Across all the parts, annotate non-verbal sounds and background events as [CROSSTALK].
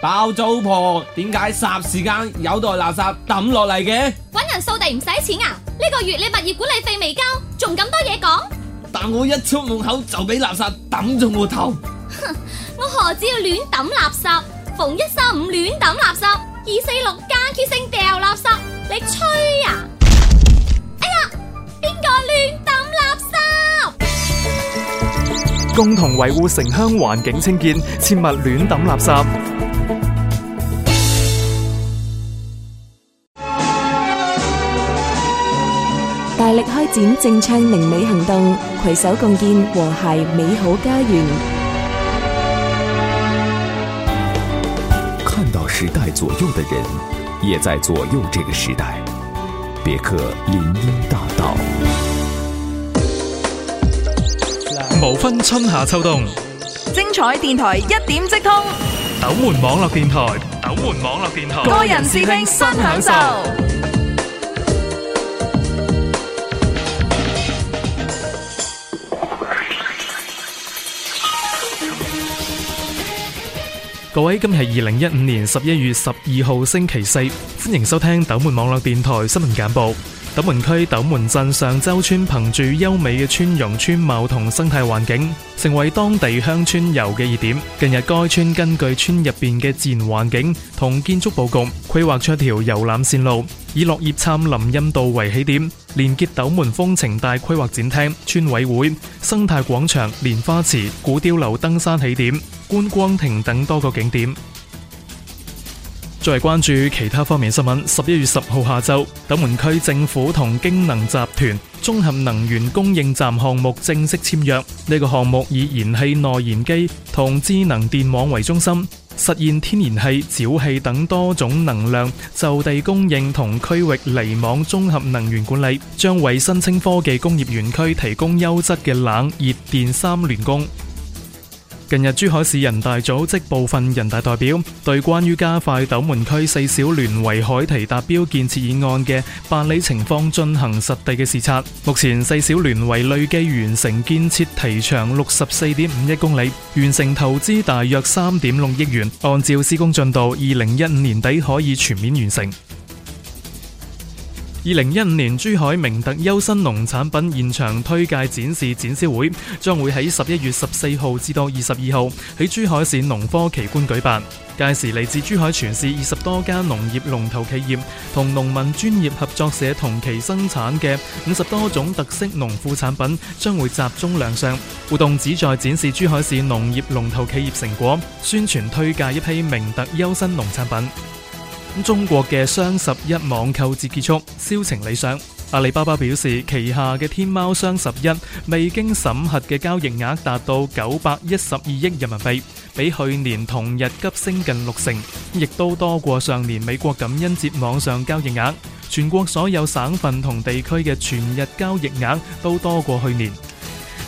包租婆，點解霎時間有袋垃圾抌落嚟嘅？搵人掃地唔使錢啊！呢個月你物業管理費未交，仲咁多嘢講？但我一出門口就俾垃圾抌咗我頭。哼！我何止要亂抌垃圾？逢一三五亂抌垃圾，二四六間歇性掉垃圾，你吹呀？哎呀！邊個亂抌垃圾？共同維護城鄉環境清潔，切勿亂抌垃圾。展正唱明美行動，攜手共建和諧美好家園。看到時代左右的人，也在左右這個時代。別克林蔭大道，無分春夏秋冬，精彩電台一點即通。斗門網絡電台，斗門網絡電台，個人視聽新享受。各位，今日係二零一五年十一月十二號星期四，歡迎收聽斗門網絡電台新聞簡報。斗，區斗門區斗門鎮上洲村憑住優美嘅村容村貌同生態環境，成為當地鄉村遊嘅熱點。近日，該村根據村入邊嘅自然環境同建築布局，規劃出一條遊覽線路，以落葉杉林蔭道為起點，連結斗門風情大規劃展廳、村委會、生態廣場、蓮花池、古碉樓、登山起點、觀光亭等多個景點。再嚟關注其他方面新聞。十一月十號下晝，斗門區政府同京能集團綜合能源供應站項目正式簽約。呢、這個項目以燃氣內燃機同智能電網為中心，實現天然氣、沼氣等多種能量就地供應同區域離網綜合能源管理，將為新清科技工業園區提供優質嘅冷、熱、電三聯供。近日，珠海市人大組織部分人大代表對關於加快斗門區四小聯圍海堤達標建設議案嘅辦理情況進行實地嘅視察。目前，四小聯圍累計完成建設堤長六十四點五一公里，完成投資大約三點六億元。按照施工進度，二零一五年底可以全面完成。二零一五年珠海明特優新農產品現場推介展示展銷會將會喺十一月十四號至到二十二號喺珠海市農科奇觀舉辦。屆時嚟自珠海全市二十多家農業龍頭企業同農民專業合作社同期生產嘅五十多種特色農副產品將會集中亮相。活動旨在展示珠海市農業龍頭企業成果，宣傳推介一批明特優新農產品。中國嘅雙十一網購節結束，銷情理想。阿里巴巴表示，旗下嘅天貓雙十一未經審核嘅交易額達到九百一十二億人民幣，比去年同日急升近六成，亦都多過上年美國感恩節網上交易額。全國所有省份同地區嘅全日交易額都多過去年。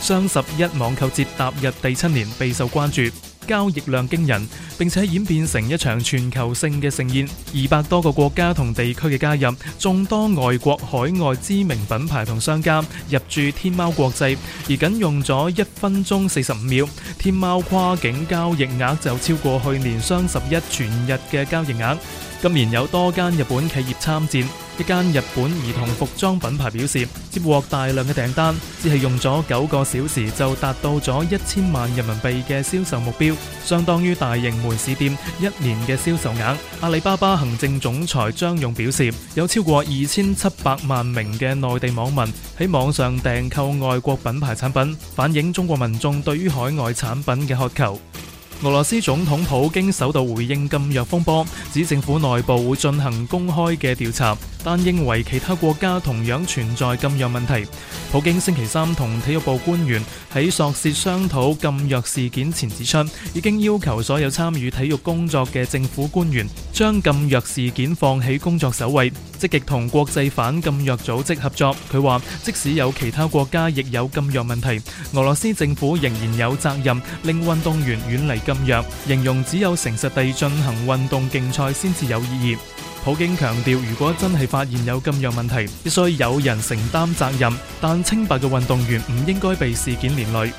雙十一網購節踏入第七年，備受關注。交易量驚人，並且演變成一場全球性嘅盛宴。二百多個國家同地區嘅加入，眾多外國海外知名品牌同商家入駐天貓國際，而僅用咗一分鐘四十五秒，天貓跨境交易額就超過去年雙十一全日嘅交易額。今年有多間日本企業參戰，一間日本兒童服裝品牌表示，接獲大量嘅訂單，只係用咗九個小時就達到咗一千萬人民幣嘅銷售目標，相當於大型門市店一年嘅銷售額。阿里巴巴行政總裁張勇表示，有超過二千七百萬名嘅內地網民喺網上訂購外國品牌產品，反映中國民眾對於海外產品嘅渴求。俄羅斯總統普京首度回應禁藥風波，指政府內部會進行公開嘅調查，但認為其他國家同樣存在禁藥問題。普京星期三同體育部官員喺索涉商討禁藥事件前指出，已經要求所有參與體育工作嘅政府官員將禁藥事件放喺工作首位。積極同國際反禁藥組織合作，佢話即使有其他國家亦有禁藥問題，俄羅斯政府仍然有責任令運動員遠離禁藥，形容只有誠實地進行運動競賽先至有意義。普京強調，如果真係發現有禁藥問題，必須有人承擔責任，但清白嘅運動員唔應該被事件連累。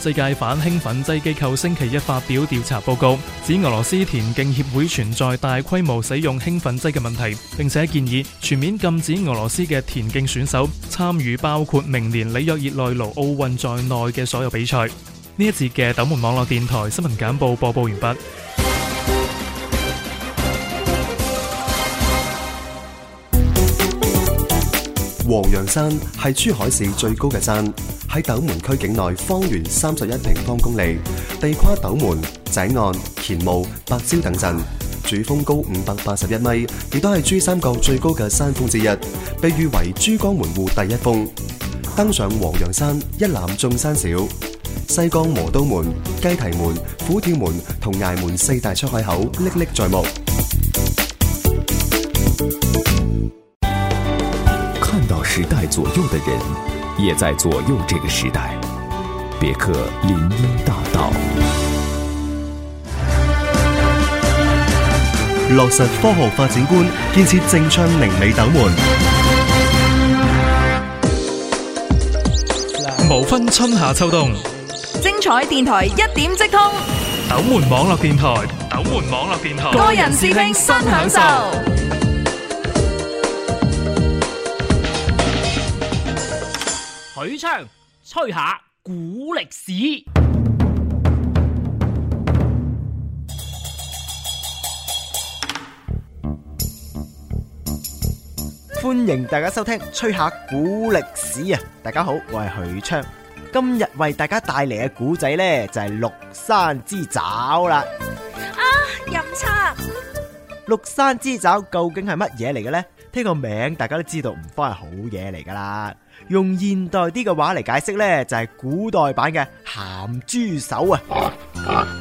世界反興奮劑機構星期一發表調查報告，指俄羅斯田徑協會存在大規模使用興奮劑嘅問題，並且建議全面禁止俄羅斯嘅田徑選手參與包括明年里約熱內盧奧,奧運在內嘅所有比賽。呢一節嘅斗門網絡電台新聞簡報播報完畢。黃楊山係珠海市最高嘅山，喺斗門區境內，方圓三十一平方公里，地跨斗門、井岸、乾務、白蕉等鎮，主峰高五百八十一米，亦都係珠三角最高嘅山峰之一，被譽為珠江門戶第一峰。登上黃楊山，一覽眾山小，西江磨刀門、雞啼門、虎跳門同崖門四大出海口歷歷在目。時代左右的人，也在左右這個時代。別克林蔭大道。落實科學發展觀，建設正春寧美斗門。無分春夏秋冬，精彩電台一點即通。斗門網絡電台。斗門網絡電台。個人視聽新享受。許昌吹下古歷史，歡迎大家收聽吹下古歷史啊！大家好，我係許昌，今日為大家帶嚟嘅古仔呢就係陸山之爪啦。啊，飲茶！陸山之爪究竟係乜嘢嚟嘅呢？聽個名，大家都知道唔慌係好嘢嚟噶啦。用現代啲嘅話嚟解釋呢就係、是、古代版嘅鹹豬手啊！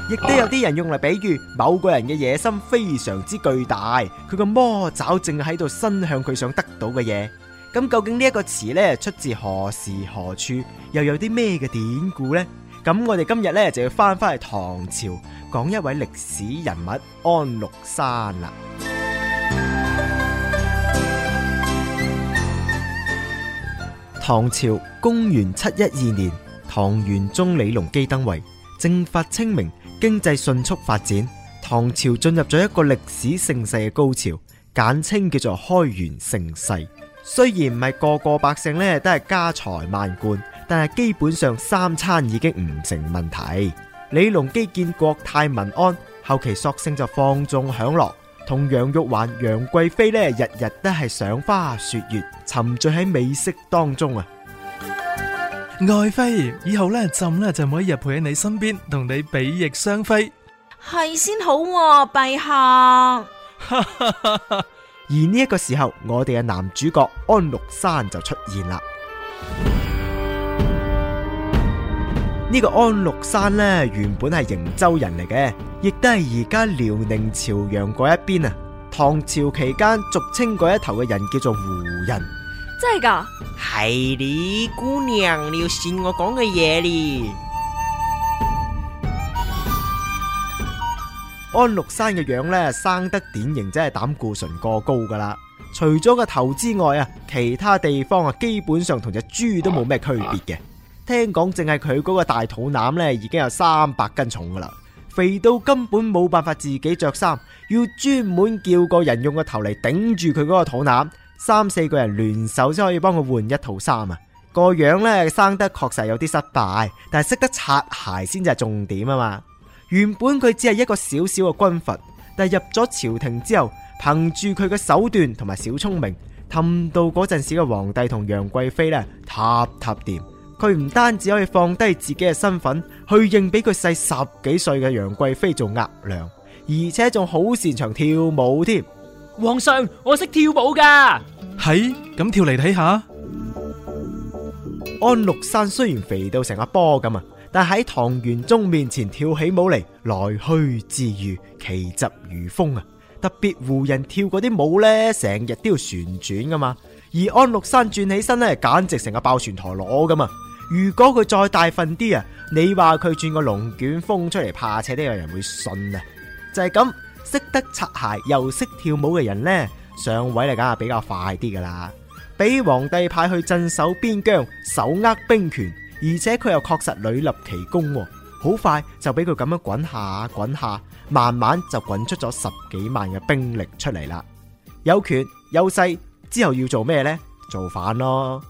亦都、嗯、有啲人用嚟比喻某個人嘅野心非常之巨大，佢個魔爪正喺度伸向佢想得到嘅嘢。咁究竟詞呢一個詞呢出自何時何處，又有啲咩嘅典故呢？咁我哋今日呢，就要返返去唐朝，講一位歷史人物安祿山啦。唐朝公元七一二年，唐玄宗李隆基登位，政法清明，經濟迅速發展，唐朝進入咗一個歷史盛世嘅高潮，簡稱叫做開元盛世。雖然唔係個個百姓咧都係家財萬貫，但係基本上三餐已經唔成問題。李隆基見國泰民安，後期索性就放縱享樂。同楊玉環、楊貴妃呢，日日都係賞花雪月，沉醉喺美色當中啊！愛妃，以後呢，朕呢，就每一日陪喺你身邊，同你比翼雙飛，係先好，陛下。而呢一個時候，我哋嘅男主角安祿山就出現啦。呢個安祿山呢，原本係營州人嚟嘅，亦都係而家遼寧朝陽嗰一邊啊。唐朝期間，俗稱嗰一頭嘅人叫做胡人。真係噶？係你姑娘，你要信我講嘅嘢咧。安祿山嘅樣呢，生得典型，真係膽固醇過高噶啦。除咗個頭之外啊，其他地方啊，基本上同隻豬都冇咩區別嘅。聽講，淨係佢嗰個大肚腩呢，已經有三百斤重噶啦，肥到根本冇辦法自己着衫，要專門叫個人用個頭嚟頂住佢嗰個肚腩，三四個人聯手先可以幫佢換一套衫啊！個樣呢，生得確實有啲失敗，但係識得擦鞋先至係重點啊嘛！原本佢只係一個小小嘅軍閥，但係入咗朝廷之後，憑住佢嘅手段同埋小聰明，氹到嗰陣時嘅皇帝同楊貴妃呢，塔塔掂。佢唔單止可以放低自己嘅身份去認俾佢細十幾歲嘅楊貴妃做額娘，而且仲好擅長跳舞添。皇上，我識跳舞噶。係咁跳嚟睇下。安祿山雖然肥到成個波咁啊，但喺唐玄宗面前跳起舞嚟，來去自如，奇疾如風啊！特別胡人跳嗰啲舞呢，成日都要旋轉噶嘛，而安祿山轉起身呢，簡直成個爆旋陀螺咁啊！如果佢再大份啲啊，你話佢轉個龍捲風出嚟，怕且都有人會信啊！就係、是、咁，識得擦鞋又識跳舞嘅人呢，上位嚟梗係比較快啲噶啦。俾皇帝派去鎮守邊疆，手握兵權，而且佢又確實屢立奇功，好快就俾佢咁樣滾下滾下，慢慢就滾出咗十幾萬嘅兵力出嚟啦。有權有勢之後要做咩呢？造反咯！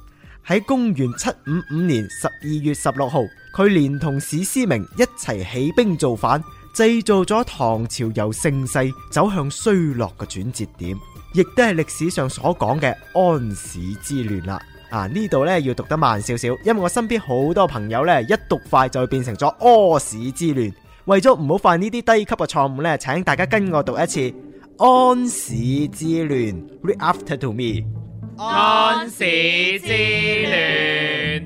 喺公元七五五年十二月十六號，佢連同史思明一齊起、起兵造反，製造咗唐朝由盛世走向衰落嘅轉折點，亦都係歷史上所講嘅安史之亂啦。啊，呢度咧，要讀得慢少少，因為我身邊好多朋友咧，一讀快就會變成咗屙屎之亂。為咗唔好犯呢啲低級嘅錯誤呢，請大家跟我讀一次安史之亂，read after to me。安史之亂。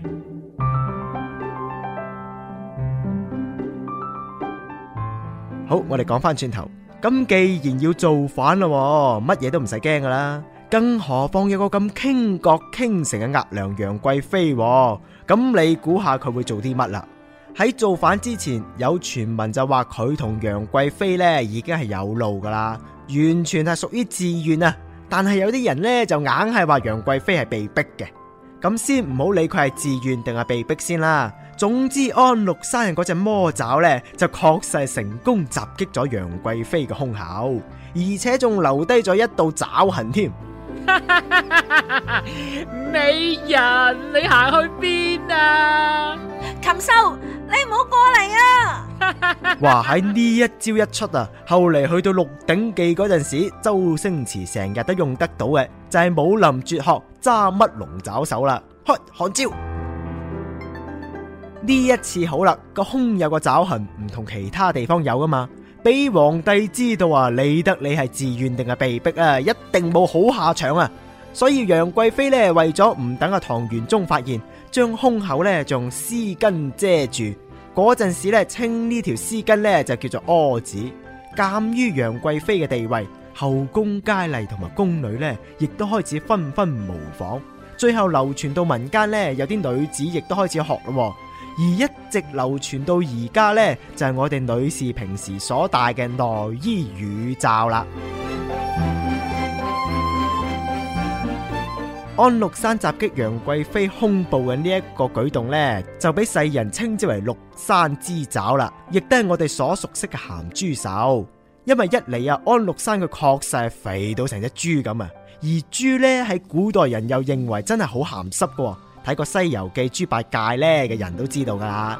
好，我哋講翻轉頭。咁既然要造反嘞喎，乜嘢都唔使驚噶啦，更何況有個咁傾國傾城嘅額娘楊貴妃喎。咁你估下佢會做啲乜啦？喺造反之前，有傳聞就話佢同楊貴妃呢已經係有路噶啦，完全係屬於自願啊！但係有啲人咧就硬係話楊貴妃係被逼嘅，咁先唔好理佢係自願定係被逼先啦。總之安祿山嗰隻魔爪咧就確實係成功襲擊咗楊貴妃嘅胸口，而且仲留低咗一道爪痕添。 [LAUGHS] 美人，你行去邊啊？禽獸！你唔好過嚟啊！話喺呢一招一出啊，後嚟去到《鹿鼎記》嗰陣時，周星馳成日都用得到嘅就係武林絕學揸乜龍爪手啦！開，看招，呢一次好啦，個胸有個爪痕，唔同其他地方有噶嘛？俾皇帝知道啊，理得你係自願定係被逼啊，一定冇好下場啊！所以楊貴妃呢，為咗唔等阿唐玄宗發現。將胸口咧仲絲巾遮住，嗰陣時咧稱呢條絲巾咧就叫做柯子。鑒於楊貴妃嘅地位，後宮佳麗同埋宮女咧，亦都開始紛紛模仿，最後流傳到民間咧，有啲女子亦都開始學咯。而一直流傳到而家咧，就係、是、我哋女士平時所戴嘅內衣乳罩啦。安祿山襲擊楊貴妃胸部嘅呢一個舉動呢，就俾世人稱之為祿山之爪啦，亦都係我哋所熟悉嘅鹹豬手。因為一嚟啊，安祿山佢確實係肥到成隻豬咁啊，而豬呢，喺古代人又認為真係好鹹濕嘅，睇過《西遊記》豬八戒呢嘅人都知道噶啦。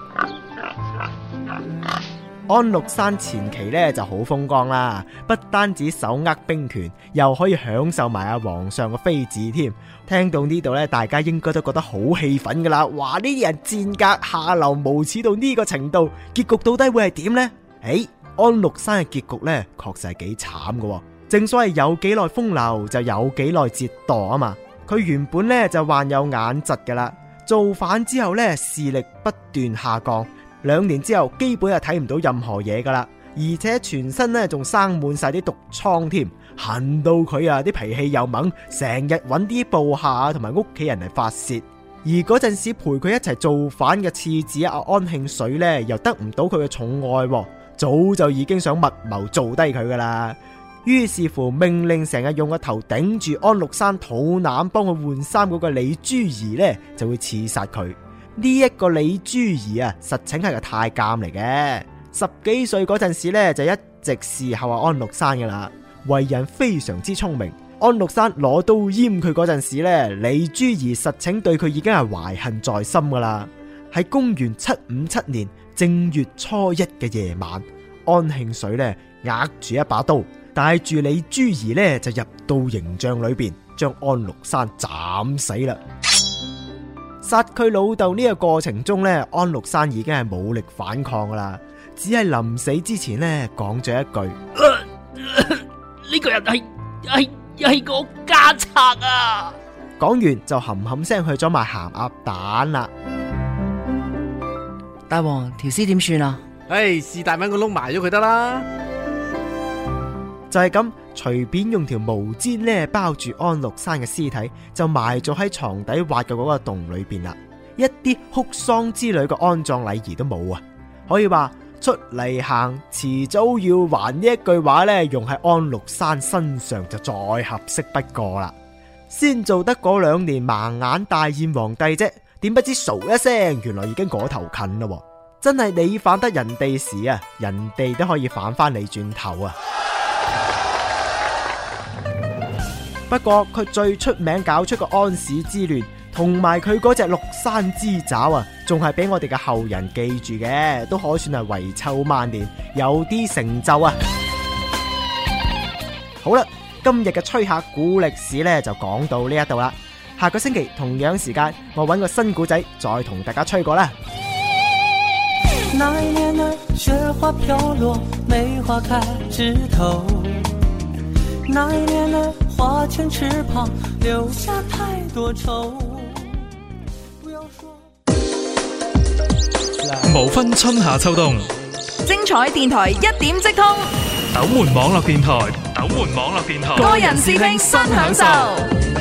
安祿山前期咧就好風光啦，不單止手握兵權，又可以享受埋、啊、阿皇上個妃子添。聽到呢度咧，大家應該都覺得好氣憤噶啦，話呢啲人賤格、下流、無恥到呢個程度，結局到底會係點呢？誒、欸，安祿山嘅結局咧確實係幾慘噶，正所謂有幾耐風流就有幾耐折墮啊嘛。佢原本咧就患有眼疾噶啦，造反之後咧視力不斷下降。兩年之後，基本係睇唔到任何嘢噶啦，而且全身咧仲生滿晒啲毒瘡添，恨到佢啊啲脾氣又猛，成日揾啲部下同埋屋企人嚟發泄。而嗰陣時陪佢一齊造反嘅次子阿、啊、安慶水咧，又得唔到佢嘅寵愛、啊，早就已經想密謀做低佢噶啦。於是乎，命令成日用個頭頂住安祿山肚腩幫佢換衫嗰個李珠兒咧，就會刺殺佢。呢一個李珠兒啊，實情係個太監嚟嘅。十幾歲嗰陣時咧，就一直侍候阿安禄山嘅啦。為人非常之聰明。安禄山攞刀閹佢嗰陣時咧，李珠兒實情對佢已經係懷恨在心噶啦。喺公元七五七年正月初一嘅夜晚，安慶緒咧握住一把刀，帶住李珠兒咧就入到營帳裏邊，將安禄山斬死啦。殺佢老豆呢個過程中呢，安禄山已經係冇力反抗㗎啦，只係臨死之前呢，講咗一句：呢、呃呃呢個人係係係個家賊啊！講完就冚冚聲去咗賣鹹鴨蛋啦。大王條屍點算啊？唉、hey，是但蚊個窿埋咗佢得啦，就係咁。隨便用條毛氈咧包住安禄山嘅屍體，就埋咗喺床底挖嘅嗰個洞裏邊啦。一啲哭喪之類嘅安葬禮儀都冇啊！可以話出嚟行，遲早要還呢一句話咧，用喺安禄山身上就再合適不過啦。先做得嗰兩年盲眼大燕皇帝啫，點不知嘈一聲，原來已經嗰頭近咯喎，真係你反得人哋時啊，人哋都可以反翻你轉頭啊！不過佢最出名搞出個安史之亂，同埋佢嗰隻祿山之爪啊，仲係俾我哋嘅後人記住嘅，都可算係遺臭萬年，有啲成就啊！ [MUSIC] 好啦，今日嘅吹客古歷史呢，就講到呢一度啦。下個星期同樣時間，我揾個新古仔再同大家吹過啦。 [MUSIC] 那一年呢雪花飄落，梅花開枝頭。那一年呢。無分春夏秋冬，精彩電台一點即通。斗門網絡電台，斗門網絡電台，個人視聽新享受。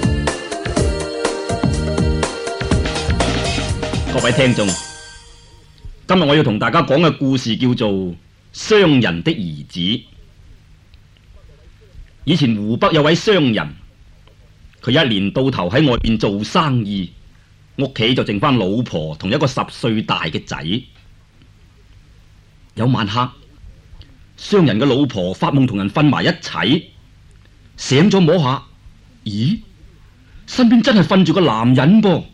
各位聽眾，今日我要同大家講嘅故事叫做《商人的兒子》。以前湖北有位商人，佢一年到頭喺外邊做生意，屋企就剩翻老婆同一個十歲大嘅仔。有晚黑，商人嘅老婆發夢同人瞓埋一齊，醒咗摸下，咦，身邊真係瞓住個男人噃、啊。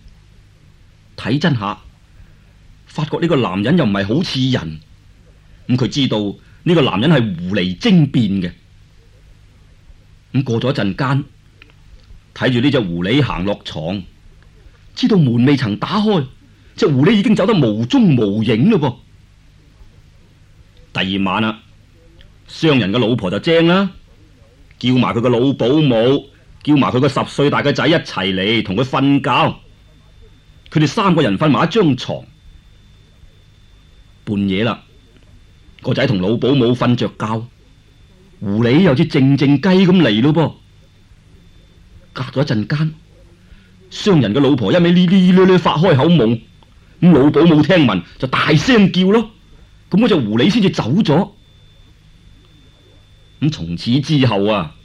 睇真下，發覺呢個男人又唔係好似人。咁、嗯、佢知道呢個男人係狐狸精變嘅。咁、嗯、過咗一陣間，睇住呢隻狐狸行落床，知道門未曾打開，隻狐狸已經走得無蹤無影嘞。噃。第二晚啦、啊，商人嘅老婆就正啦，叫埋佢個老保姆，叫埋佢個十歲大嘅仔一齊嚟同佢瞓覺。佢哋三個人瞓埋一張床，半夜啦，個仔同老保姆瞓着覺，狐狸又似靜靜雞咁嚟咯噃。隔咗一陣間，商人嘅老婆一味哩哩咧咧發開口夢，咁老保姆聽聞就大聲叫咯，咁嗰隻狐狸先至走咗。咁從此之後啊，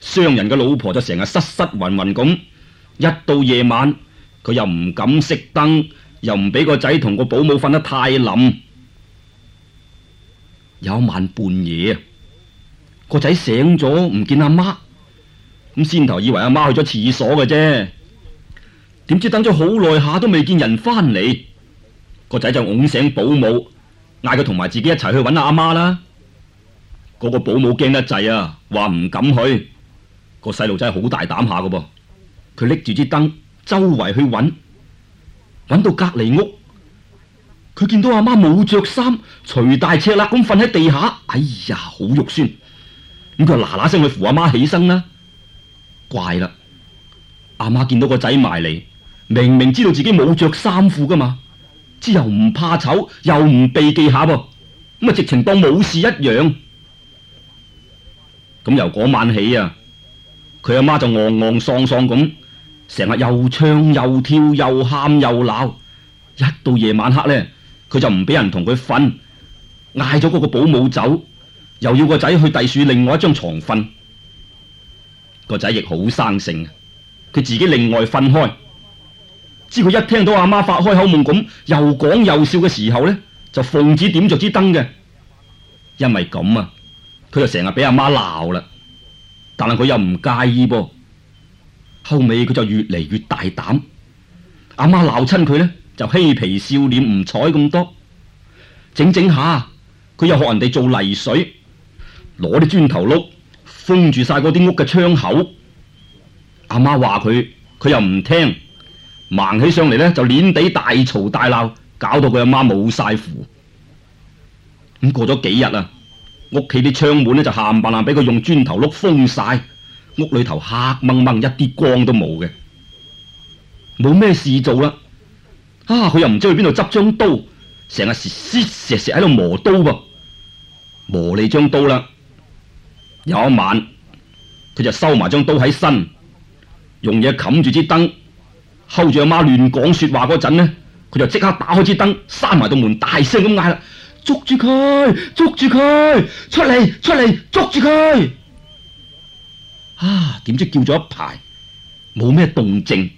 商人嘅老婆就成日失失魂魂咁，一到夜晚。佢又唔敢熄燈，又唔俾個仔同個保姆瞓得太冧。有一晚半夜啊，個仔醒咗，唔見阿媽，咁先頭以為阿媽去咗廁所嘅啫。點知等咗好耐下都未見人翻嚟，個仔就拱醒保姆，嗌佢同埋自己一齊去搵阿媽啦。嗰個保姆驚得滯啊，話唔敢去。個細路仔好大膽下嘅噃，佢拎住支燈。周圍去揾，揾到隔籬屋，佢見到阿媽冇着衫，除大赤肋咁瞓喺地下，哎呀，好肉酸。咁佢嗱嗱聲去扶阿媽起身啦。怪啦，阿媽見到個仔埋嚟，明明知道自己冇着衫褲噶嘛，之又唔怕醜，又唔避忌下噃，咁啊直情當冇事一樣。咁由嗰晚起啊，佢阿媽就昂昂喪喪咁。成日又唱又跳又喊又鬧，一到夜晚黑呢，佢就唔俾人同佢瞓，嗌咗嗰個保姆走，又要個仔去第處另外一張床瞓。個仔亦好生性，佢自己另外瞓開。知佢一聽到阿媽發開口夢咁，又講又笑嘅時候呢，就奉旨點着支燈嘅。因為咁啊，佢就成日俾阿媽鬧啦，但係佢又唔介意噃。後尾佢就越嚟越大膽，阿媽鬧親佢呢，就嬉皮笑臉唔睬咁多，整整下佢又學人哋做泥水，攞啲磚頭碌封住晒嗰啲屋嘅窗口。阿媽話佢，佢又唔聽，盲起上嚟呢，就碾地大嘈大鬧，搞到佢阿媽冇晒符。咁過咗幾日啊，屋企啲窗門呢，就冚唪唥俾佢用磚頭碌封晒。屋裏頭黑掹掹，一啲光都冇嘅，冇咩事做啦。啊，佢又唔知去邊度執張刀，成日嘶嘶嘶嘶喺度磨刀噃，磨你張刀啦。有一晚，佢就收埋張刀喺身，用嘢冚住支燈，睺住阿媽亂講說話嗰陣，呢佢就即刻打開支燈，閂埋道門，大聲咁嗌啦：捉住佢，捉住佢，出嚟，出嚟，捉住佢！啊！點知叫咗一排冇咩動靜？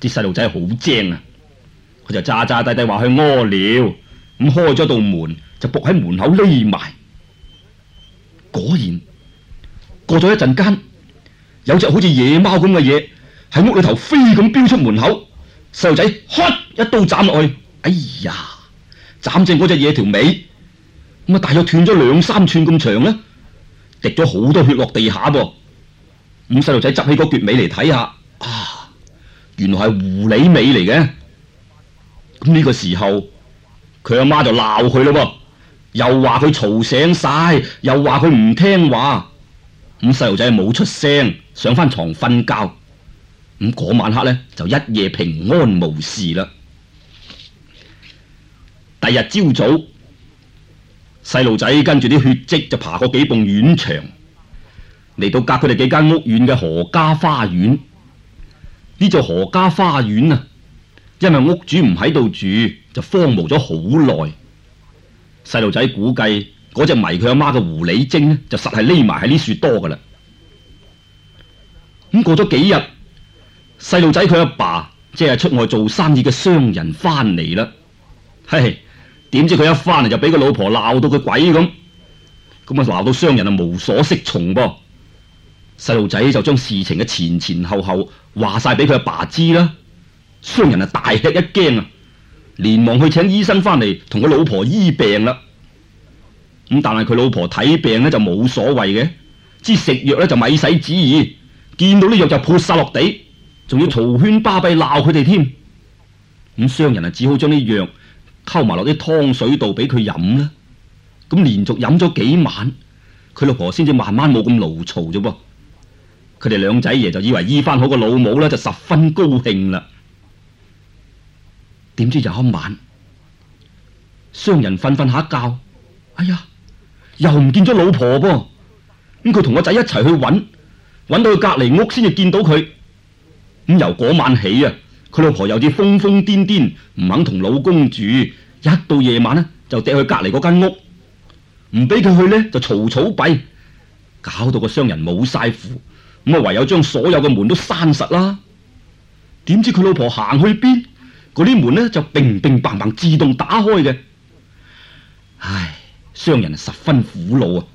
啲細路仔好精啊！佢就渣渣低低話去屙尿，咁開咗道門就伏喺門口匿埋。果然過咗一陣間，有隻好似野貓咁嘅嘢喺屋裏頭飛咁飆出門口。細路仔 c 一刀斬落去，哎呀！斬正嗰隻嘢條尾，咁啊大約斷咗兩三寸咁長呢，滴咗好多血落地下噃。咁細路仔執起嗰撅尾嚟睇下，啊，原來係狐狸尾嚟嘅。咁、這、呢個時候，佢阿媽就鬧佢咯，又話佢嘈醒晒，又話佢唔聽話。咁細路仔冇出聲，上翻床瞓覺。咁、那、嗰、個、晚黑呢，就一夜平安無事啦。第日朝早，細路仔跟住啲血跡就爬過幾埲院牆。嚟到隔佢哋幾間屋遠嘅何家花園，呢座何家花園啊，因為屋主唔喺度住，就荒蕪咗好耐。細路仔估計嗰隻迷佢阿媽嘅狐狸精呢，就實係匿埋喺呢樹多噶啦。咁過咗幾日，細路仔佢阿爸即係出外做生意嘅商人翻嚟啦。嘿嘿，點知佢一翻嚟就俾個老婆鬧到佢鬼咁，咁啊鬧到商人啊無所適從噃。細路仔就將事情嘅前前後後話晒俾佢阿爸知啦，商人啊大吃一驚啊，連忙去請醫生翻嚟同佢老婆醫病啦。咁但係佢老婆睇病呢就冇所謂嘅，知食藥呢就咪使旨意，見到啲藥就潑晒落地，仲要嘈喧巴閉鬧佢哋添。咁商人啊只好將啲藥溝埋落啲湯水度俾佢飲啦。咁連續飲咗幾晚，佢老婆先至慢慢冇咁勞嘈啫噃。佢哋兩仔爺就以為醫翻好個老母呢，就十分高興啦。點知有一晚，商人瞓瞓下覺，哎呀，又唔見咗老婆噃。咁佢同個仔一齊去揾，揾到佢隔籬屋先至見到佢。咁由嗰晚起啊，佢老婆有啲瘋瘋癲癲，唔肯同老公住。一到夜晚呢，就掟去隔籬嗰間屋，唔俾佢去呢，就嘈嘈閉，搞到個商人冇晒符。咁啊，唯有將所有嘅門都閂實啦。點知佢老婆行去邊嗰啲門呢，就乒乒嘭嘭自動打開嘅。唉，商人十分苦惱啊。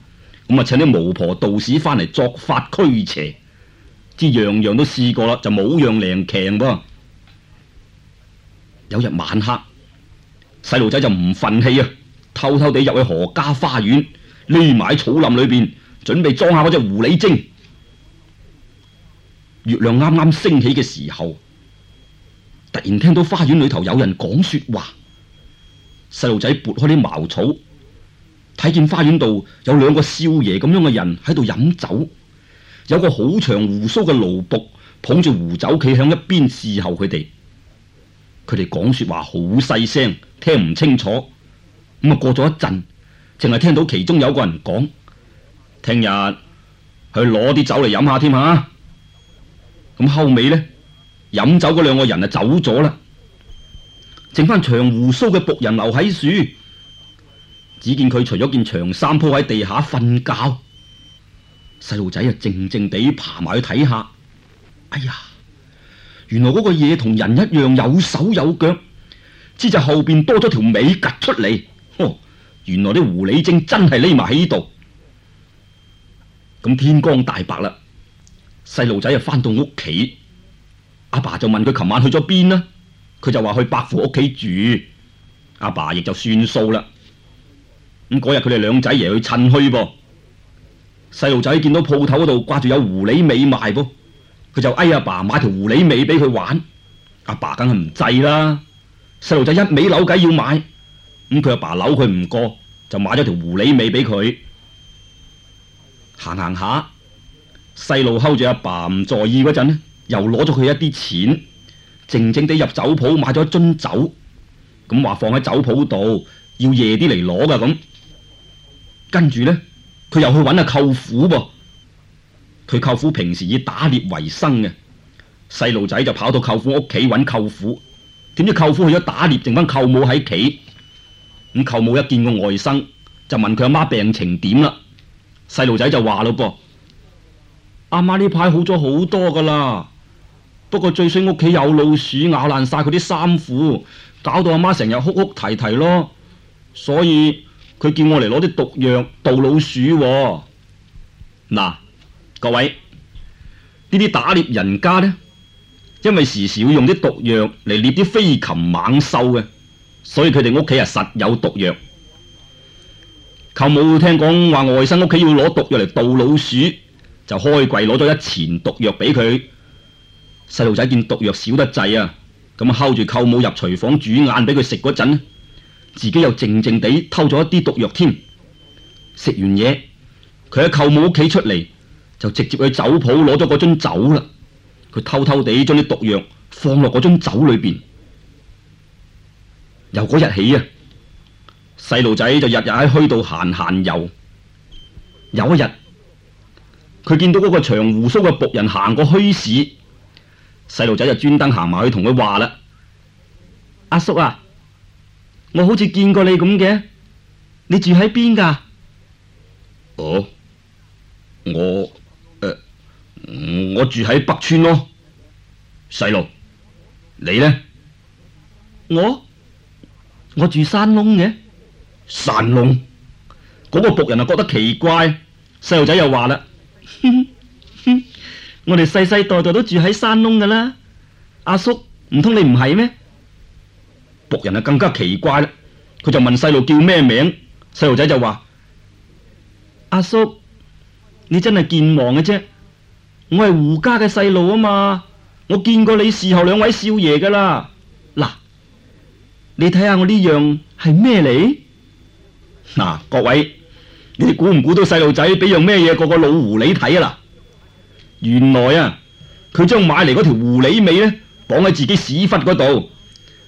咁啊，請啲巫婆道士翻嚟作法驅邪，之樣樣都試過啦，就冇樣靈強噃。有日晚黑，細路仔就唔忿氣啊，偷偷地入去何家花園匿埋喺草林裏邊，準備裝下嗰隻狐狸精。月亮啱啱升起嘅時候，突然聽到花園裏頭有人講說話。細路仔撥開啲茅草，睇見花園度有兩個少爺咁樣嘅人喺度飲酒。有個好長胡鬚嘅奴僕捧住壺酒，企響一邊侍候佢哋。佢哋講說話好細聲，聽唔清楚。咁啊過咗一陣，淨係聽到其中有個人講：聽日，去攞啲酒嚟飲下添吓。啊咁後尾呢，飲酒嗰兩個人就走咗啦，剩翻長鬍鬚嘅僕人留喺樹。只見佢除咗件長衫鋪喺地下瞓覺，細路仔啊靜靜地爬埋去睇下。哎呀，原來嗰個嘢，同人一樣有手有腳，只就後邊多咗條尾夾出嚟。哦，原來啲狐狸精真係匿埋喺度。咁天光大白啦。細路仔啊，翻到屋企，阿爸就問佢琴晚去咗邊啦，佢就話去伯父屋企住，阿爸亦就算數啦。咁嗰日佢哋兩仔爺去趁墟噃，細路仔見到鋪頭嗰度掛住有狐狸尾賣噃，佢就嗌阿爸，爸買條狐狸尾俾佢玩，阿爸梗係唔制啦。細路仔一味扭計要買，咁佢阿爸扭佢唔過，就買咗條狐狸尾俾佢行行下。細路睺住阿爸唔在意嗰陣咧，又攞咗佢一啲錢，靜靜地入酒鋪買咗樽酒，咁話放喺酒鋪度，要夜啲嚟攞噶咁。跟住呢，佢又去揾阿、啊、舅父噃。佢舅父平時以打獵為生嘅，細路仔就跑到舅父屋企揾舅父。點知舅父去咗打獵，剩翻舅母喺企。咁舅母一見個外甥，就問佢阿媽病情點啦。細路仔就話咯噃。阿媽呢排好咗好多噶啦，不過最衰屋企有老鼠咬爛晒佢啲衫褲，搞到阿媽成日哭哭啼啼啼咯。所以佢叫我嚟攞啲毒藥毒老鼠。嗱，各位呢啲打獵人家呢，因為時時會用啲毒藥嚟獵啲飛禽猛獸嘅，所以佢哋屋企啊實有毒藥。舅母聽講話外甥屋企要攞毒藥嚟毒老鼠。就開櫃攞咗一錢毒藥俾佢，細路仔見毒藥少得滯啊，咁啊，鳩住舅母入廚房煮晏俾佢食嗰陣，自己又靜靜地偷咗一啲毒藥添。食完嘢，佢喺舅母屋企出嚟，就直接去酒鋪攞咗嗰樽酒啦。佢偷偷地將啲毒藥放落嗰樽酒裏邊。由嗰日起啊，細路仔就日日喺墟度閒閒遊。有一日。佢見到嗰個長鬍鬚嘅僕人行過墟市，細路仔就專登行埋去同佢話啦：阿叔啊，我好似見過你咁嘅，你住喺邊㗎？哦，我，誒、呃，我住喺北村咯。細路，你呢？我，我住山窿嘅山窿。嗰、那個僕人啊，覺得奇怪。細路仔又話啦。 [LAUGHS] 我哋世世代代都住喺山窿噶啦，阿叔，唔通你唔係咩？僕人啊，更加奇怪啦，佢就問細路叫咩名，細路仔就話：阿叔，你真係健忘嘅啫，我係胡家嘅細路啊嘛，我見過你侍候兩位少爺噶啦，嗱，你睇下我呢樣係咩嚟？嗱，各位，你估唔估到細路仔俾樣咩嘢，個個老狐狸睇啊？嗱，原來啊，佢將買嚟嗰條狐狸尾呢，綁喺自己屎忽嗰度，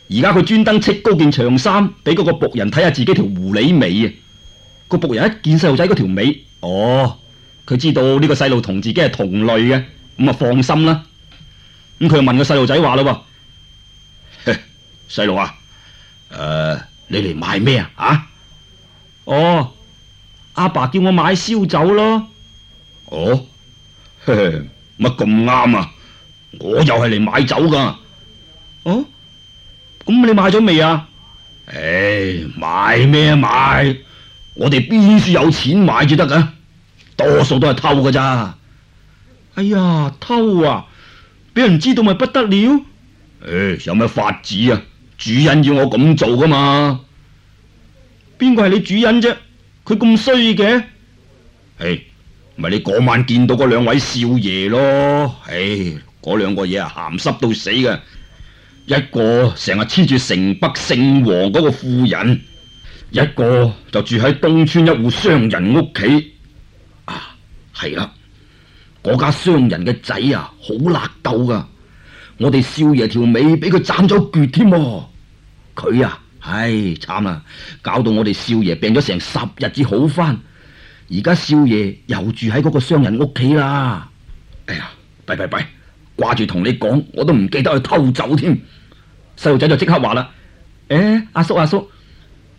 而家佢專登赤高件長衫俾嗰個僕人睇下自己條狐狸尾啊！個僕人一見細路仔嗰條尾，哦，佢知道呢個細路同自己係同類嘅，咁啊放心啦。咁佢問個細路仔話啦：細路啊，誒、呃，你嚟買咩啊？啊，哦。阿爸叫我買燒酒咯。哦，乜咁啱啊？我又係嚟買酒噶。哦，咁你買咗未啊？唉、哎，買咩買？我哋邊處有錢買至得噶？多數都係偷噶咋。哎呀，偷啊！俾人知道咪不得了。唉、哎，有咩法子啊？主人要我咁做噶嘛？邊個係你主人啫？佢咁衰嘅，係咪你嗰晚見到嗰兩位少爺咯？唉，嗰兩個嘢啊咸濕到死嘅，一個成日黐住城北姓王嗰個富人，一個就住喺東村一戶商人屋企。啊，係啦、啊，嗰家商人嘅仔啊，好辣斗噶，我哋少爺條尾俾佢斬咗橛添，佢啊！唉，慘啦！搞到我哋少爺病咗成十日至好返，而家少爺又住喺嗰個商人屋企啦。哎呀，弊弊弊，掛住同你講，我都唔記得去偷酒添。細路仔就即刻話啦：唉、欸，阿叔，叔阿叔，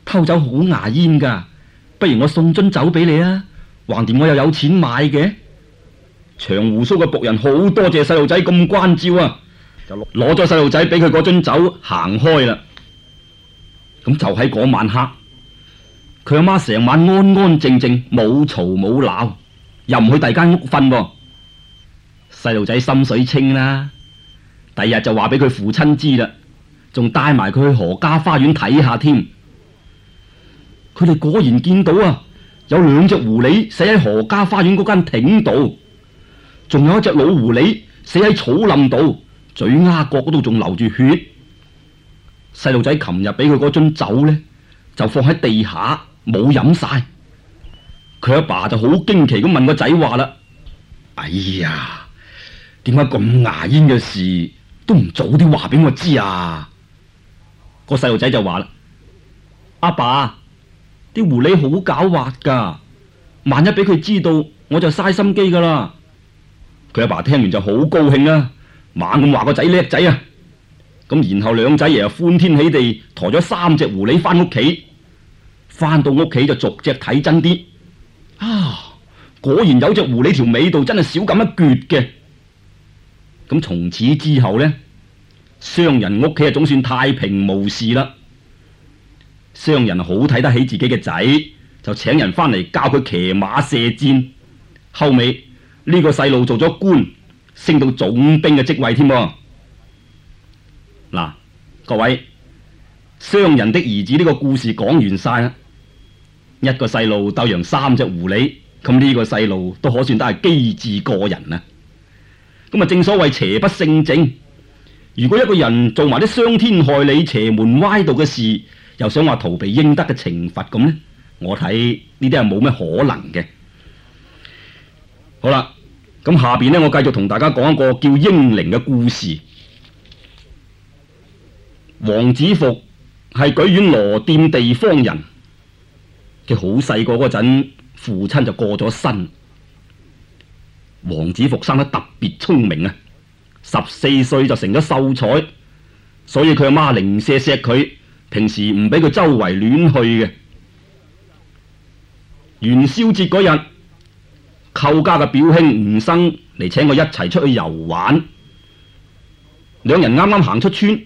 偷酒好牙煙噶，不如我送樽酒俾你啊，橫掂我又有錢買嘅。長鬍鬚嘅僕人好多謝細路仔咁關照啊，攞咗細路仔俾佢嗰樽酒行開啦。咁就喺嗰晚黑，佢阿媽成晚安安靜靜，冇嘈冇鬧，又唔去第二間屋瞓，啊。細路仔心水清啦，啊，第二日就話俾佢父親知啦，仲帶埋佢去何家花園睇下添。佢哋果然見到啊，有兩隻狐狸死喺何家花園嗰間亭度，仲有一隻老狐狸死喺草林度，嘴丫角嗰度仲流住血。細路仔琴日俾佢嗰樽酒呢，就放喺地下，冇飲晒。佢阿爸就好驚奇咁問個仔話啦：，哎呀，點解咁牙煙嘅事都唔早啲話俾我知啊？個細路仔就話啦：，阿爸，啲狐狸好狡猾噶，萬一俾佢知道，我就嘥心機噶啦。佢阿爸聽完就好高興啦，猛咁話個仔叻仔啊！咁然後兩仔爺啊歡天喜地抬咗三隻狐狸翻屋企，翻到屋企就逐隻睇真啲，啊果然有隻狐狸條尾度真係少咁一撅嘅。咁從此之後呢，商人屋企啊總算太平無事啦。商人好睇得起自己嘅仔，就請人翻嚟教佢騎馬射箭。後尾，呢個細路做咗官，升到總兵嘅職位添。嗱，各位，商人的兒子呢個故事講完晒啦。一個細路鬥贏三隻狐狸，咁呢個細路都可算得係機智過人啦。咁啊，正所謂邪不勝正。如果一個人做埋啲傷天害理、邪門歪道嘅事，又想話逃避應得嘅懲罰咁呢，我睇呢啲係冇咩可能嘅。好啦，咁下邊呢，我繼續同大家講一個叫英靈嘅故事。王子服係舉院羅店地方人，佢好細個嗰陣，父親就過咗身。王子服生得特別聰明啊，十四歲就成咗秀才，所以佢阿媽零舍錫佢，平時唔俾佢周圍亂去嘅。元宵節嗰日，舅家嘅表兄吳生嚟請我一齊出去遊玩，兩人啱啱行出村。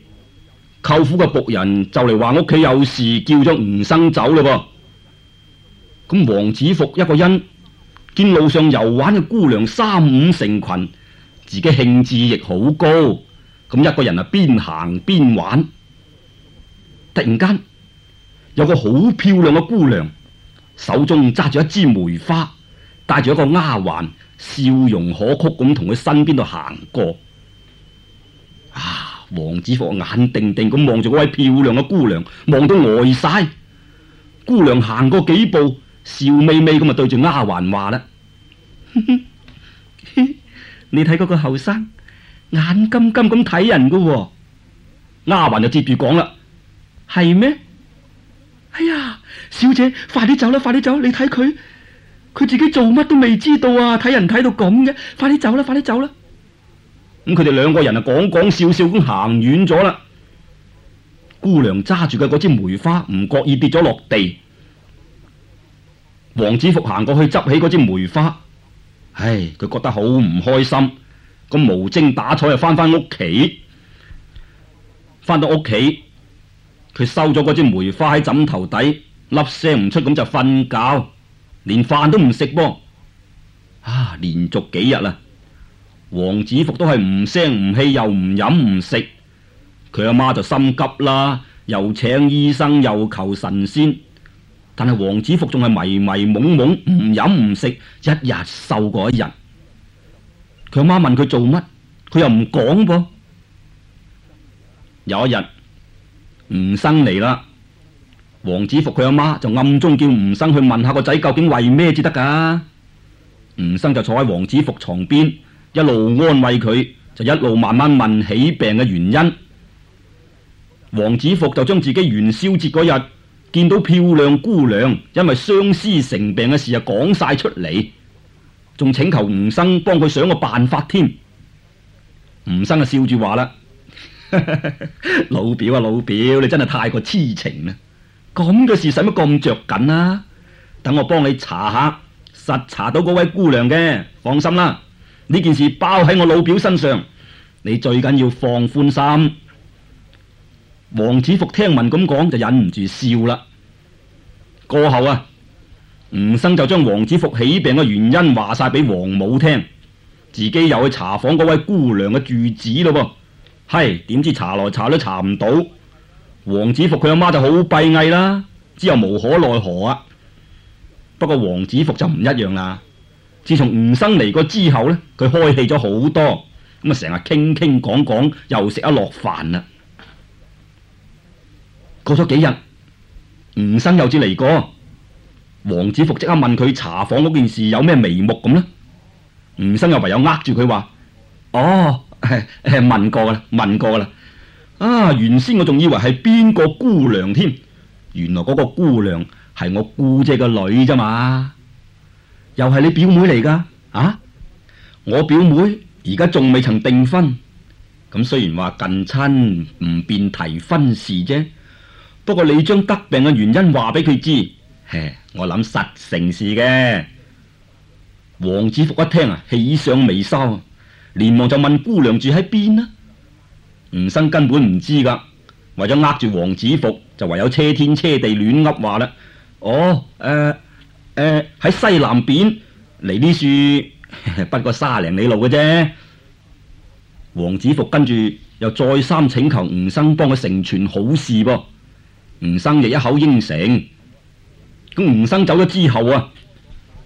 舅父嘅僕人就嚟話屋企有事，叫咗吳生走嘞噃。咁王子服一個人見路上遊玩嘅姑娘三五成群，自己興致亦好高，咁一個人啊邊行邊玩。突然間有個好漂亮嘅姑娘，手中揸住一支梅花，帶住一個丫鬟，笑容可掬咁同佢身邊度行過。王子服眼定定咁望住嗰位漂亮嘅姑娘，望到呆晒。姑娘行過幾步，笑眯眯咁啊對住丫鬟話啦： [LAUGHS] [LAUGHS] 你睇嗰個後生，眼金金咁睇人嘅喎。丫鬟就接住講啦：係咩？哎呀，小姐，快啲走啦，快啲走！你睇佢，佢自己做乜都未知道啊！睇人睇到咁嘅，快啲走啦，快啲走啦！咁佢哋兩個人啊講講笑笑咁行遠咗啦，姑娘揸住佢嗰支梅花唔覺意跌咗落地，王子服行過去執起嗰支梅花，唉，佢覺得好唔開心，咁無精打采啊翻翻屋企，翻到屋企，佢收咗嗰支梅花喺枕頭底，粒聲唔出咁就瞓覺，連飯都唔食噃，啊，連續幾日啦。王子服都係唔聲唔氣，又唔飲唔食，佢阿媽就心急啦，又請醫生又求神仙，但係王子服仲係迷迷懵懵懵，唔飲唔食，一日瘦過一日。佢阿媽問佢做乜，佢又唔講噃。有一日，吳生嚟啦，王子服佢阿媽就暗中叫吳生去問下個仔究竟為咩至得噶。吳生就坐喺王子服床邊。一路安慰佢，就一路慢慢問起病嘅原因。王子服就將自己元宵節嗰日見到漂亮姑娘，因為相思成病嘅事啊，講晒出嚟，仲請求吳生幫佢想個辦法添。吳生啊，笑住話啦，老表啊，老表，你真係太過癡情啦！咁嘅事使乜咁着緊啊？等我幫你查下，實查到嗰位姑娘嘅，放心啦。呢件事包喺我老表身上，你最緊要放寬心。王子服聽聞咁講就忍唔住笑啦。過後啊，吳生就將王子服起病嘅原因話晒俾王母聽，自己又去查訪嗰位姑娘嘅住址咯。噃、哎，係點知查來查都查唔到。王子服佢阿媽就好閉翳啦，之後無可奈何啊。不過王子服就唔一樣啦。自從吳生嚟過之後呢，佢開氣咗好多，咁啊成日傾傾講講，又食得落飯啦。過咗幾日，吳生又至嚟過，王子服即刻問佢查訪嗰件事，有咩眉目咁呢？吳生又唯有呃住佢話：哦，問過啦，問過啦。啊，原先我仲以為係邊個姑娘添，原來嗰個姑娘係我姑姐嘅女咋嘛？又係你表妹嚟噶，啊！我表妹而家仲未曾訂婚，咁雖然話近親唔便提婚事啫，不過你將得病嘅原因話俾佢知，嘿，我諗實成事嘅。王子服一聽啊，喜上眉梢，連忙就問姑娘住喺邊啊。吳生根本唔知噶，為咗呃住王子服，就唯有車天車地亂噏話啦。哦，誒、呃。誒，喺、呃、西南邊嚟呢樹， [LAUGHS] 不過三廿零里路嘅啫。王子服跟住又再三請求吳生幫佢成全好事噃，吳生亦一口應承。咁吳生走咗之後啊，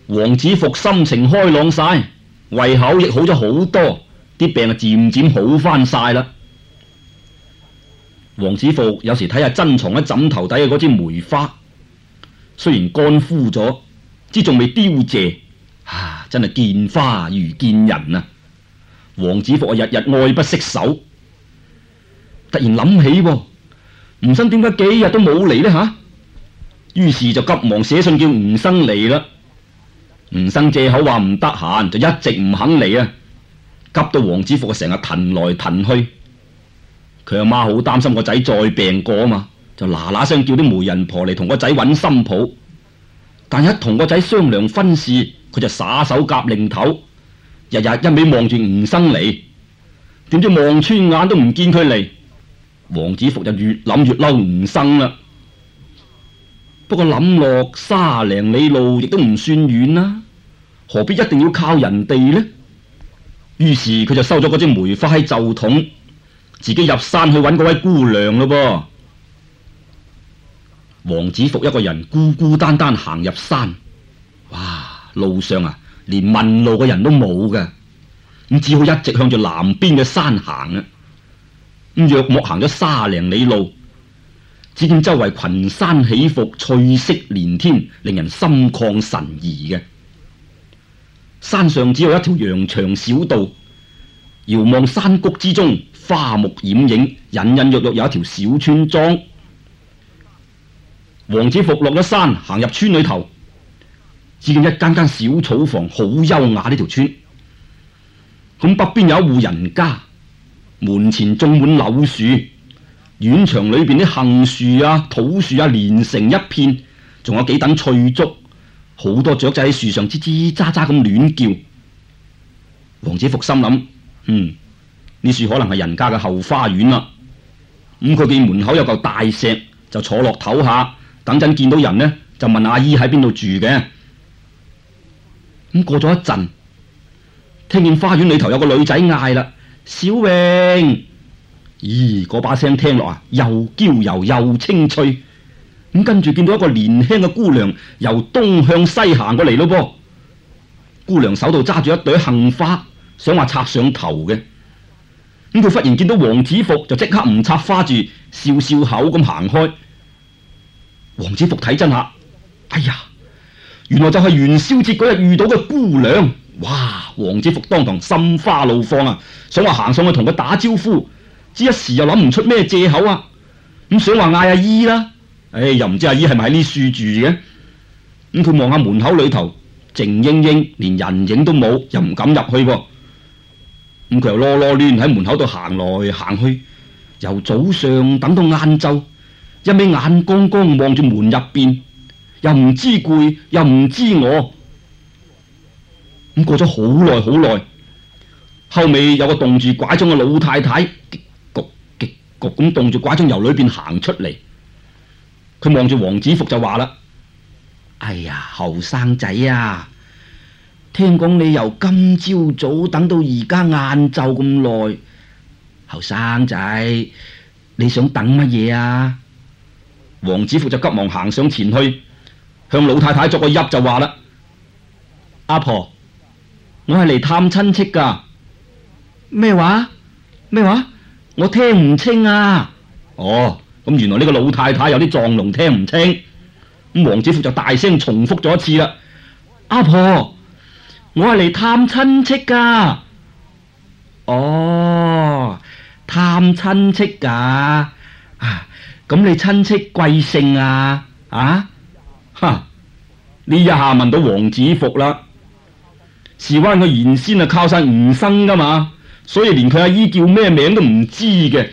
王子服心情開朗晒，胃口亦好咗好多，啲病啊漸漸好翻晒啦。王子服有時睇下珍藏喺枕頭底嘅嗰支梅花，雖然乾枯咗。知仲未凋謝啊！真係見花如見人啊！王子服啊，日日愛不釋手。突然諗起啊，吳生點解幾日都冇嚟呢？吓、啊，於是就急忙寫信叫吳生嚟啦。吳生借口話唔得閒，就一直唔肯嚟啊！急到王子服啊，成日騰來騰去。佢阿媽好擔心個仔再病過啊嘛，就嗱嗱聲叫啲媒人婆嚟同個仔揾新抱。但一同個仔商量婚事，佢就耍手夾擰頭，日日一味望住吳生嚟，點知望穿眼都唔見佢嚟，王子服就越諗越嬲吳生啦。不過諗落沙零里路亦都唔算遠啦，何必一定要靠人哋呢？於是佢就收咗嗰支梅花喺袖筒，自己入山去搵嗰位姑娘咯噃。王子服一個人孤孤單單行入山，哇！路上啊，連問路嘅人都冇㗎，咁只好一直向住南邊嘅山行啊！咁約莫行咗三十里路，只見周圍群山起伏，翠色連天，令人心曠神怡嘅。山上只有一條羊腸小道，遙望山谷之中，花木掩映，隱隱約約有一條小村莊。王子服落咗山，行入村裏頭，只見一間間小草房，好優雅呢條村。咁北邊有一戶人家，門前種滿柳樹，院牆裏邊啲杏樹啊、桃樹啊連成一片，仲有幾等翠竹，好多雀仔喺樹上吱吱喳喳咁亂叫。王子服心諗：嗯，呢樹可能係人家嘅後花園啦。咁佢見門口有嚿大石，就坐落唞下。等陣見到人呢，就問阿姨喺邊度住嘅。咁過咗一陣，聽見花園裏頭有個女仔嗌啦：小榮！咦，嗰把聲聽落啊，又嬌柔又清脆。咁跟住見到一個年輕嘅姑娘由東向西行過嚟咯噃。姑娘手度揸住一朵杏花，想話插上頭嘅。咁佢忽然見到黃子服，就即刻唔插花住，笑笑口咁行開。王子服睇真下，哎呀，原來就係元宵節嗰日遇到嘅姑娘，哇！王子服當堂心花怒放啊，想話行上去同佢打招呼，只一時又諗唔出咩借口啊，咁想話嗌阿姨啦，唉、哎，又唔知阿姨係咪喺呢樹住嘅，咁、嗯、佢望下門口裏頭靜英英連人影都冇，又唔敢入去噃，咁、嗯、佢又囉囉攣喺門口度行來行去，由早上等到晏晝。一味眼光光望住門入邊，又唔知攰，又唔知我。咁過咗好耐好耐，後尾有個凍住拐杖嘅老太太，極焗極焗咁凍住拐杖由裏邊行出嚟。佢望住王子服就話啦：哎呀，後生仔啊，聽講你由今朝早早等到而家晏晝咁耐，後生仔，你想等乜嘢啊？黃子福就急忙行上前去，向老太太作個揖就話啦：阿婆，我係嚟探親戚噶。咩話？咩話？我聽唔清啊！哦，咁原來呢個老太太有啲撞聾，聽唔清。咁黃子福就大聲重複咗一次啦：阿婆，我係嚟探親戚噶。哦，探親戚噶啊！咁你親戚貴姓啊？啊，哈！呢一下問到黃子福啦，事關佢原先啊，靠晒吳生噶嘛，所以連佢阿姨叫咩名都唔知嘅。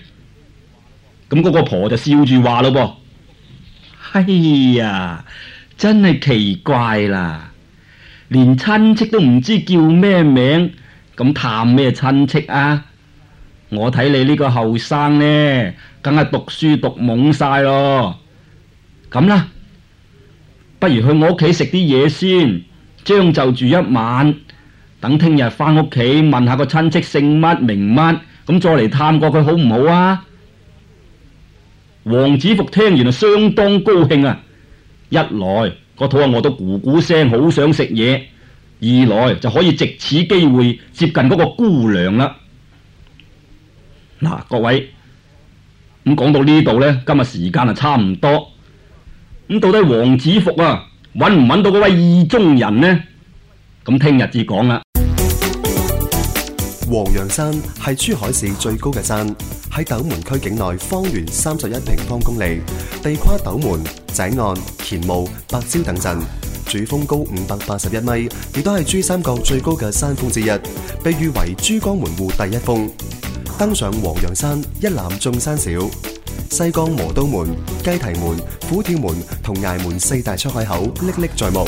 咁嗰個婆，婆就笑住話咯噃，係、哎、呀，真係奇怪啦，連親戚都唔知叫咩名，咁探咩親戚啊？我睇你呢個後生呢？梗係讀書讀懵曬咯，咁啦，不如去我屋企食啲嘢先，將就住一晚，等聽日翻屋企問下個親戚姓乜名乜，咁再嚟探過佢好唔好啊？王子服聽完啊，相當高興啊！一來個肚啊餓到咕咕聲，好想食嘢；二來就可以借此機會接近嗰個姑娘啦。嗱，各位。咁講到呢度呢，今日時間啊差唔多。咁到底王子服啊，揾唔揾到嗰位意中人呢？咁聽日至講啦。黃楊山係珠海市最高嘅山，喺斗門區境內，方圓三十一平方公里，地跨斗門、井岸、乾務、白蕉等鎮，主峰高五百八十一米，亦都係珠三角最高嘅山峰之一，被譽為珠江門戶第一峰。登上黃楊山，一覽眾山小。西江磨刀門、雞啼門、虎跳門同崖門四大出海口，歷歷在目。